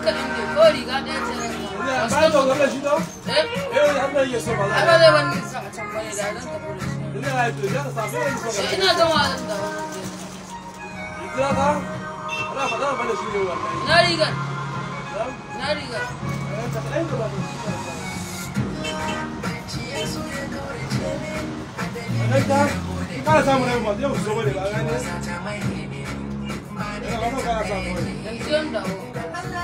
haka in ne ko riga ɗaya ce na ba ta gwamna shi ta eh eh har da yake so ba ai ba zai wani sa a can bane da zan tafi da shi ina ya to ya sa sai ni so ina zan wa zan da wani ina ka ana fada ba da shi ne wannan ina riga ina riga ta kai da ba Anita, kara samu na yau ma, yau su zo bane ba, gane? Yana ba ka kara samu wani. Yanzu yan dawo.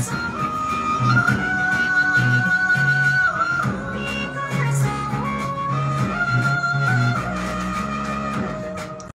Yes.